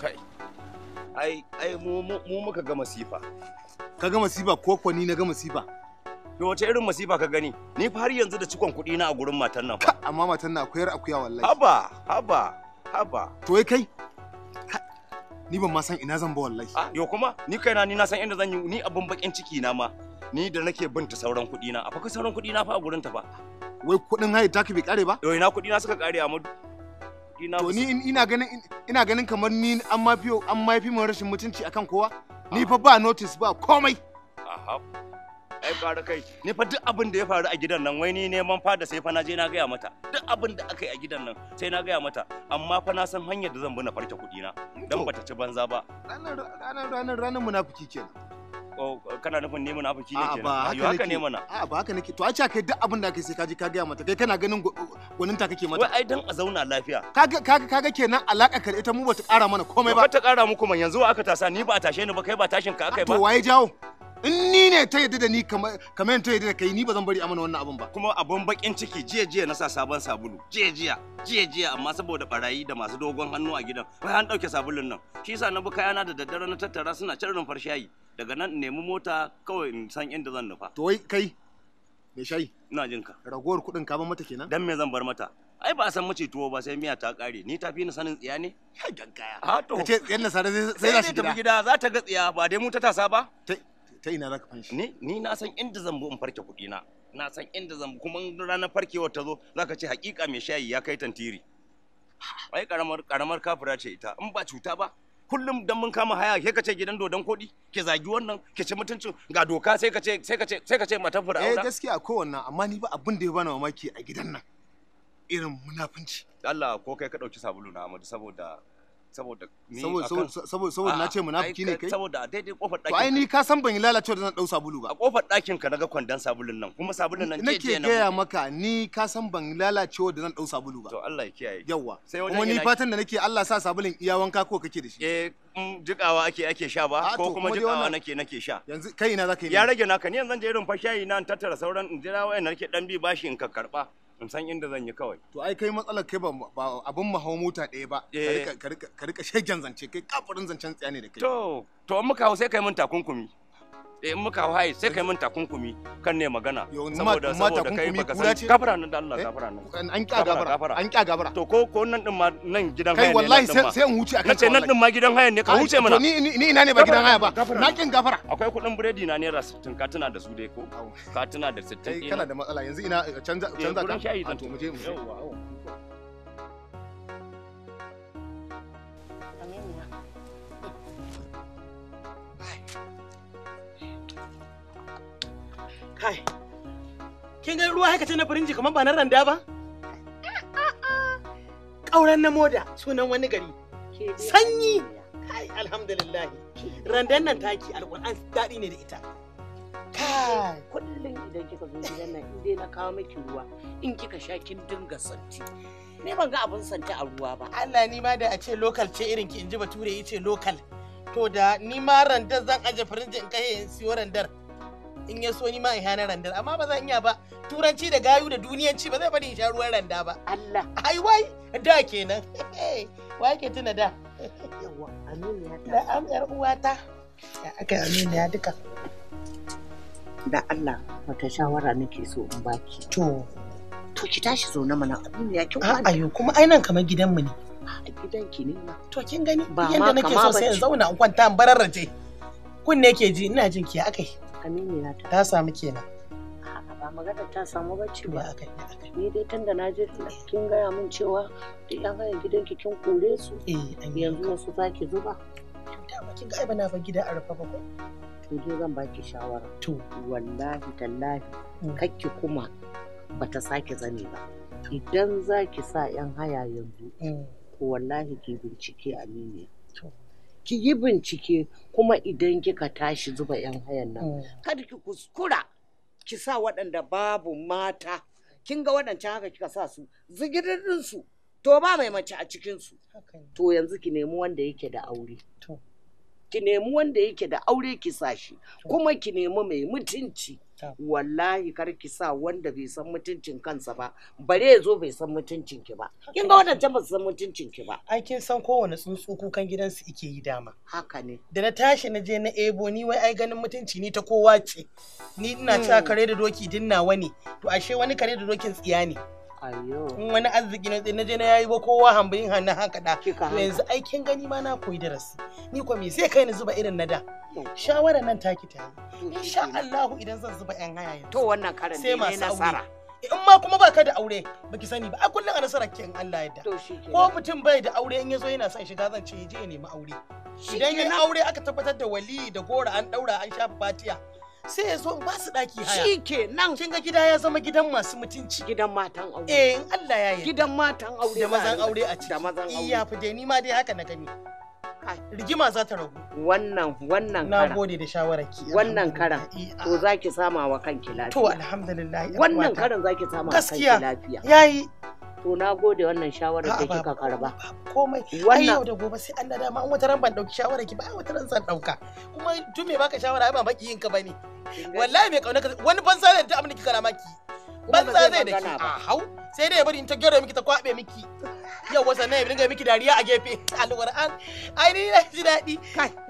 kai ai ai mu muka ga masifa ka ga masifa ko ko ni na ga masifa to wace irin masifa ka gani ni fa har yanzu da cikon kuɗi na a gurin matan nan fa amma matan nan akwai akuya wallahi haba haba haba to wai kai ni ban ma san ina zan ba wallahi ah yo kuma ni kaina ni na san inda zan yi ni abin bakin ciki na ma ni da nake binta sauran kuɗi na a fa sauran kuɗi na fa a gurin ta fa wai kuɗin haye ta ka bi kare ba yo ina kuɗi na suka kare Amadu to ni ina ganin ina ganin kamar ni an mafi an mafi mun rashin mutunci akan kowa ni fa ba notice ba komai aha ai kai ni fa duk abin da ya faru a gidan nan wai ni neman fada sai fa na je na gaya mata duk abin da aka yi a gidan nan sai na gaya mata amma fa na san hanyar da zan bi na farke kudi na dan bata ci banza ba Ranan ranan ranan munafiki kenan kana nufin neman afiki ne kenan ba haka ne mana a ba haka nake to a ce kai duk abin da kai sai ka ji ka gaya mata kai kana ganin gwanin ta kake mata wai ai dan a zauna lafiya kaga kaga kenan alaka kar ita mu bata ƙara mana komai ba bata ƙara muku man yanzu aka tasa ni ba a tashe ni ba kai ba tashin ka akai ba to waye jawo in ni ne ta yadda da ni kamar ta yadda da kai ni ba zan bari amana wannan abin ba kuma abun bakin ciki jiya jiya na sa sabon sabulu jiya jiya jiya jiya amma saboda barayi da masu dogon hannu a gidan wai an dauke sabulun nan shi yasa na bi kayana da daddare na tattara suna cin rumfar shayi daga nan nemi mota kawai in san inda zan nufa to wai kai me shayi ina jin ka ragowar kuɗin ka mata kenan dan me zan bar mata ai ba a san mace tuwo ba sai miya ta kare ni ta fi ni sanin tsiya ne ya gankaya ha to kace na nasara sai za shi gida gida za ta ga tsiya ba dai mu ta tasa ba ta ina zaka fanshi ni ni na san inda zan bu in farke kudi na na san inda zan kuma ranar farkewar ta zo za ka ce hakika me shayi ya kai tantiri ai karamar karamar kafira ce ita in ba cuta ba kullum dan mun kama haya ke kace gidan dodon kodi ke zagi wannan ke ci mutuncin ga doka sai kace sai kace sai kace mata fura eh gaskiya ko wannan amma ni ba abin da ya bani mamaki a gidan nan irin munafunci Allah ko kai ka dauki sabulu na Amadu saboda saboda saboda na ce munafiki ne kai saboda daidai kofar ɗakin to ai ni ka san ban yi lalacewa da zan dau sabulu ba a kofar ɗakin ka naga kwandon sabulun nan kuma sabulun nan ke je gaya maka ni ka san ban yi lalacewa da zan dau sabulu ba to Allah ya kiyaye yawa kuma ni fatan da nake Allah sa sabulun iya wanka ko kake da shi eh jikawa ake ake sha ba ah, ko kuma jikawa nake nake sha yanzu kai ina zaka yi ya rage naka ni yanzu zan je irin fa shayi na tattara sauran in jira wayan nake dan bi bashi in ka karba in san inda zan yi kawai to ai kai matsalar kai ba abin mahau mota ɗaya ba eh. ka rika shegen zance kai kafurin zancen tsaya ne da kai to to in muka hau sai kai mun takunkumi Eh, in muka waye sai kai mun takunkumi kan ne magana saboda saboda kai baka san gafara nan da Allah eh, gafara nan an kya gafara an kya gafara to ko ko nan din ma nan gidan haya ne kai wallahi sai in huce akan nan din ma gidan haya ne ka huce mana ni ni ina ne ba gidan haya ba na kin gafara akwai kuɗin biredi na naira 60 ka tuna da su dai ko ka tuna da 60 kana da matsala yanzu ina eh, canza canza ka to mu je mu Kai. Kin ga ruwa haka ce na farinji kamar ba na randa ba? Ƙauren na moda sunan wani gari. Sanyi. Kai alhamdulillah. Randan nan taki alƙur'an daɗi ne da ita. Kai. Kullum idan kika zo gidan nan in dai na kawo miki ruwa in kika sha kin dinga santi. Ni ban ga abin santi a ruwa ba. Allah ni ma da a ce lokal ce irin ki in ji bature ya ce lokal. To da ni ma randar zan aje farinji in kai in siyo randar. in ya so ni ma in hana randar amma ba zan iya ba turanci da gayu da duniyanci ba zai bari in sha ruwan randa ba Allah ai wai da kenan wai ke tuna da yawa ya ta da am yar uwata ya aka aminu ya duka da Allah wata shawara nake so in baki to to ki tashi zaune mana aminu ya kin kwana ayo kuma ai nan kamar gidanmu ne a ah, gidan ki ne ma to kin gani yanda nake so sai in zauna in kwanta in Kun kunne ke ji ina jin ki akai Aminu ta. Ta samu kenan. ba magana ta samu bacci ba ni dai tun da na je kin gaya min cewa da yan gaya gidan ki kin kore su eh, yanzu wasu za ki zuba da ba kin ga ba na fa gida a rufa ba ko? to dai zan baki shawara to wallahi tallahi mm. kakki kuma bata sake zani ba idan za ki sa yan haya yanzu mm. to wallahi ki bincike aminiya ki yi bincike kuma idan kika tashi zuba 'yan hayan nan mm. Kar ki kuskura ki sa waɗanda babu mata kin ga waɗancan haka kika sa su zigirin su to ba mai mace a cikin su to yanzu ki nemi wanda yake da aure ki nemi wanda yake da aure ki sa shi kuma ki nemi mai mutunci wallahi kar ki sa wanda bai san mutuncin kansa ba bare ya zo bai san mutuncin ki ba kin ga wannan ba san mutuncin ki ba ai kin san kowane tsuntsu kukan gidansu ike yi dama haka ne da na tashi na je na ebo ni wai ai ganin mutunci ni ta kowa ce ni ina hmm. cewa kare da doki dinna wani to ashe wani kare da dokin tsiya ne in wani arziki na na je na yayi ba kowa hambayin hannun haka da yanzu aikin gani ma na koyi darasi ni ko me sai kai ni zuba irin na da shawara nan taki ta yi insha Allah idan zan zuba yan haya yanzu to wannan karin ne nasara in ma kuma baka da aure baki sani ba a kullum a nasarar ke in Allah yadda ko mutum bai da aure in yazo yana son shiga zan ce je ya nemi aure idan ya aure aka tabbatar da wali da gora an daura an shafa fatiya sai ya zo in ba su ɗaki haya. Shi ke nan. Kin ga gida ya zama gidan masu mutunci. Gidan matan aure. Eh in Allah ya yi. Gidan matan aure. Da mazan aure a ciki. Da mazan eh, aure. Iya fi dai ni ma dai haka na gani. Rigima za ta ragu. Wannan wannan karan. Na gode da shawarar ki. Wannan karan. To ah. za ki sama wa kanki lafiya. To alhamdulillah. Wannan karan za ki sama wa kanki lafiya. Gaskiya yayi. to na gode wannan shawarar da kika karba komai ai yau da gobe sai an da dama an wata ran ban dauki shawarar ki ba wata ran zan dauka kuma tun me baka shawara ba baki yin ka bane wallahi mai kauna wani ban zai ta amini kika na maki Ban zai da ki a hau sai dai ya bari in ta gyara miki ta kwabe miki yau wasa ne dinga miki dariya a gefe alquran ai ni na ji dadi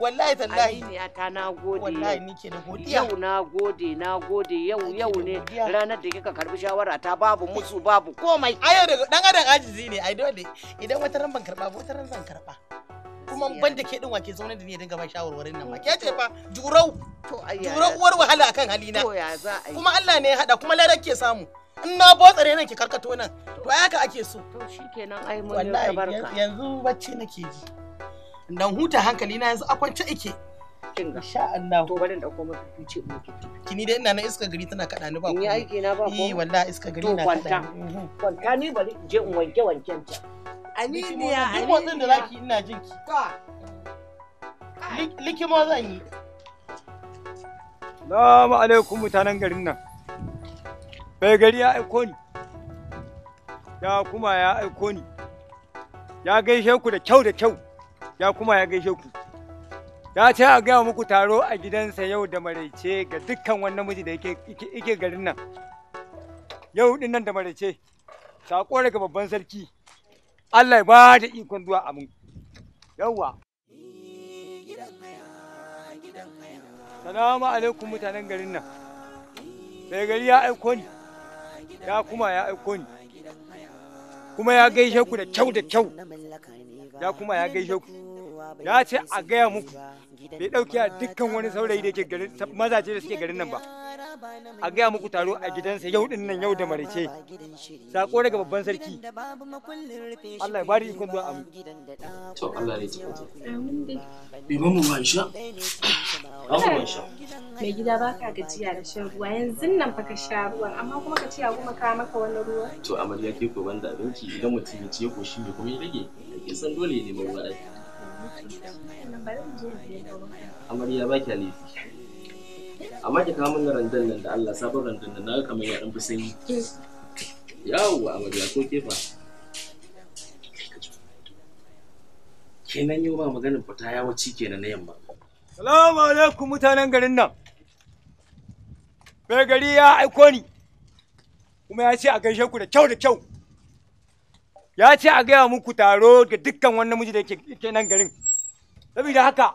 wallahi tallahi ya ta nagode wallahi ni ke da godiya yau na gode na gode yau yau ne ranar da kika karbi shawara ta babu musu babu komai ai dan adam ajizi ne ai dole idan wata ran ban karba wata ran zan karba kuma ban da ke din wake zaune da ni dinga ba shawarwarin nan ma ke ce fa jurau jurau uwar wahala akan halina kuma Allah ne ya hada kuma larar ke samu in na bo tsare nan ki karkato nan to ai haka ake so to shikenan ai mun barka yanzu bacci nake ji dan huta hankali na yanzu akwance ike kin insha Allah to bari in dauko maka tuce mu kini dai ina na iska gari tana kada ni ba ko ni aiki na ba ko eh wallahi iska gari na kwanta mhm. kwanta ni bari je in wanke wanken ta aminiya duk motsin da zaki ina jin ki likimo zan yi Salamu alaikum mutanen garin nan. Bai gari ya aiko ni. Ya kuma ya aiko ni. Ya gaishe ku da kyau da kyau. Ya kuma ya gaishe ku. Ya ce a gaya muku taro a gidansa yau da maraice ga dukkan wannan miji da yake garin nan. Yau din nan da maraice. Sako daga babban sarki. Allah ya ba da ikon zuwa abin yawwa salamu alaikum mutanen garin nan mai gari ya aiko ni ya kuma ya aiko ni kuma ya gaishe ku da kyau da kyau ya kuma ya gaishe ku ya ce a gaya muku bai dauki a dukkan wani saurayi da ke garin mazaje da suke garin nan ba a gaya muku taro a gidansa yau din nan yau da marece sako daga babban sarki Allah ya bari ikon zuwa amu to Allah ne ji bi mamu man sha Abu man sha mai gida ba ka gajiya da shan ruwa yanzu nan fa ka sha ruwa amma kuma ka ce a kuma ka maka wani ruwa to amarya ke ko banda abinci idan mutum ya ce ko shi ne kuma ya rage kin san dole ne neman ruwa amarya ba kya laifi amma ki kawo mun randan nan da Allah sabon randan nan na kamar ya dan fi sanyi yawwa amarya ko kefa kenan yau ba maganin fita wuce kenan na yamma salamu alaikum mutanen garin nan bai gari ya aiko ni kuma ya ce a gaishe ku da kyau da kyau ya ce a gaya muku taro ga dukkan wannan miji da ke nan garin saboda haka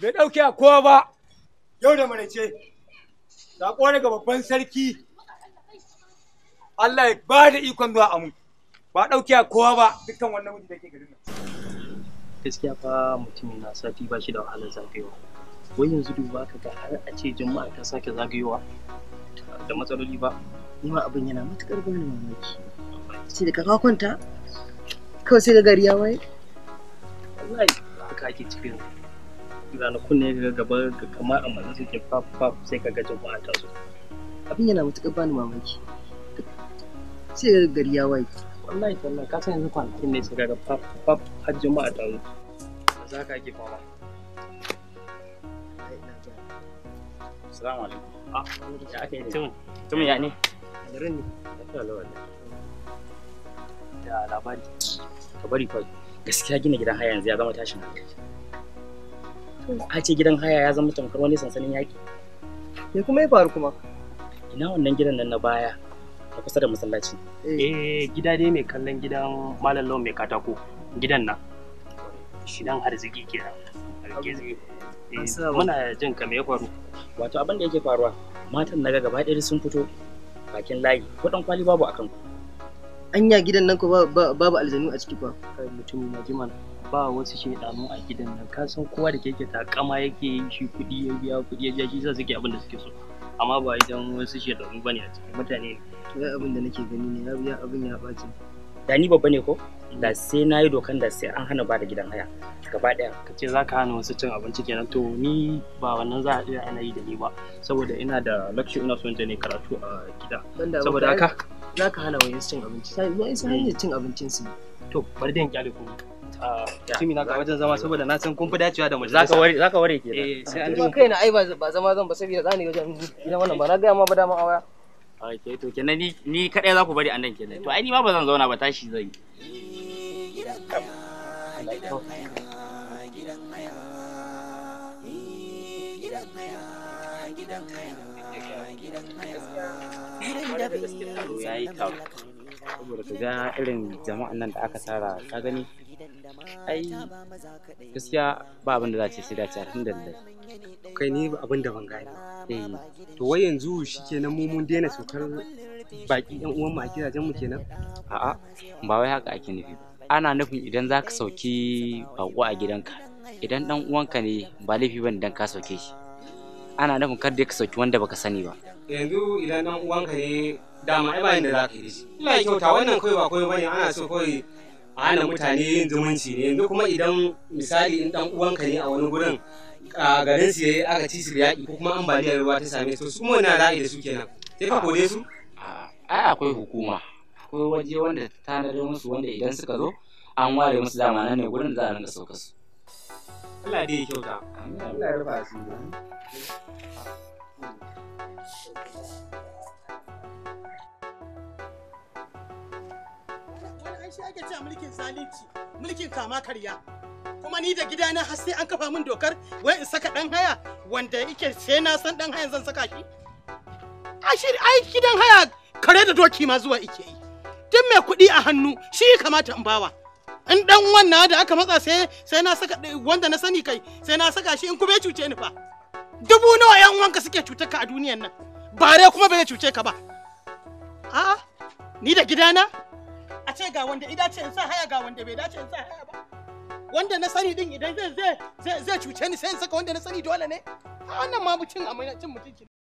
bai ɗauke a kowa ba yau da ta saƙo ga babban sarki Allah ya ba da ikon zuwa amu ba ɗauke a kowa ba dukkan wannan mutum da ke garin Gaskiya fa mutum na sati ba shi da wahalar zagayowa. Wai yanzu duba ka ga har a ce jama'a ta sake zagayowa da matsaloli ba. Nima abin yana matuƙar bani mamaki. Sai da ka kwanta kawai sai ga gari ya waye. Wallahi haka ake cikin ranakun ne ga gaba ga kamar a mazu suke faf faf sai ka gajin ba ta zo abin yana mutuƙar ba ni mamaki sai ga gari ya waye wallahi wallahi ka san yanzu kwanakin ne sai ga faf faf har juma'a ta zo za ka ake fama Assalamu alaikum. Ah, ya ake tumun. Tumun ya ne? Garin ne. ne. Ya labari. Ka bari fa. gaskiya gina gidan haya yanzu ya zama tashin hankali a ce gidan haya ya zama tamkar wani sansanin yaƙi me kuma ya faru kuma ina wannan gidan nan na baya a kusa da masallaci eh, eh gida dai mai kallon gidan malam lawan mai katako gidan nan shi dan harziki kenan eh, muna jin ka me ya faru wato abin da yake faruwa matan naga gaba ɗaya sun fito bakin layi ko dan kwali babu akan ku anya gidan nan ko babu aljanu a ciki ba mutum na jiman ba wasu shaidanu a gidan nan ka san kowa da keke kama yake yi shi kuɗi ya biya kuɗi ya biya shi sa suke abin da suke so amma ba idan wasu shaidanu bane a ciki mutane ne abin da nake gani ne ya biya abin ya ɓaci da ni babba ne ko da sai na yi dokan da sai an hana ba da gidan haya gaba daya ka ce za ka hana wasu cin abinci kenan to ni ba wannan za a iya ana yi da ni ba saboda ina da lecture ina son ta ne karatu a gida saboda haka za ka hana wayan cin abinci sai wayan su hanyar mm. cin abincin su to bari dan kyale ku Timi na ga wajen zama saboda na san kun fi dacewa da majalisa. ka ware zaka ware kenan. Eh, sai an ji kai ai ba zama zan ba saboda zani wajen gidan wannan ba na ga ma ba dama a waya. Ok to kenan ni ni kadai za ku bari a nan kenan. To ai ni ma ba zan zauna ba tashi zan yi. Gidan kaya, gidan kaya, gidan kaya, gidan kaya. ya kyau saboda ka ga irin jama'an nan da aka tara ka gani ai gaskiya ba abin da za ce sai dace da kai ni ba abin da ban gane eh to wai yanzu shikenan mu mun daina saukar baki yan uwan mu a gidajen mu kenan a'a ba wai haka ake nufi ana nufin idan za ka sauki bako a gidanka idan dan uwanka ne ba laifi bane idan ka sauke shi ana nufin kar dai ka sauki wanda baka sani ba yanzu idan dan uwanka ne dama ai bayan da za ka yi shi Ina kyauta wannan kawai ba kawai bane ana so kawai ana mutane yin zumunci ne yanzu kuma idan misali in dan uwanka ne a wani gurin a garin su yayi aka ci su yaƙi ko kuma ambaliyar ruwa ta same su su mu na za'i da su kenan sai ka kore su ai akwai hukuma akwai waje wanda ta tanadar musu wanda idan suka zo an ware musu dama nan ne gurin da za a rinka sauka su Allah dai ya kyauta. Allah ya rufa shi ake cewa mulkin zalunci mulkin kama karya kuma ni da gidana har sai an kafa min dokar wai in saka dan haya wanda yake sai na san dan hayan zan saka shi ashir ai gidan haya kare da doki ma zuwa ike yi duk mai kuɗi a hannu shi kamata in bawa in dan wannan da aka matsa sai sai na saka wanda na sani kai sai na saka shi in kuma ya cuce ni fa dubu nawa yan wanka suke cutar ka a duniyan nan ba dai kuma bai cuce ka ba a'a ni da gidana a ce ga wanda ida ce in sa haya ga wanda bai dace in sa haya ba wanda na sani din idan zai zai zai cuce ni sai in saka wanda na sani dole ne a wannan ma mutum a mai cin mutunci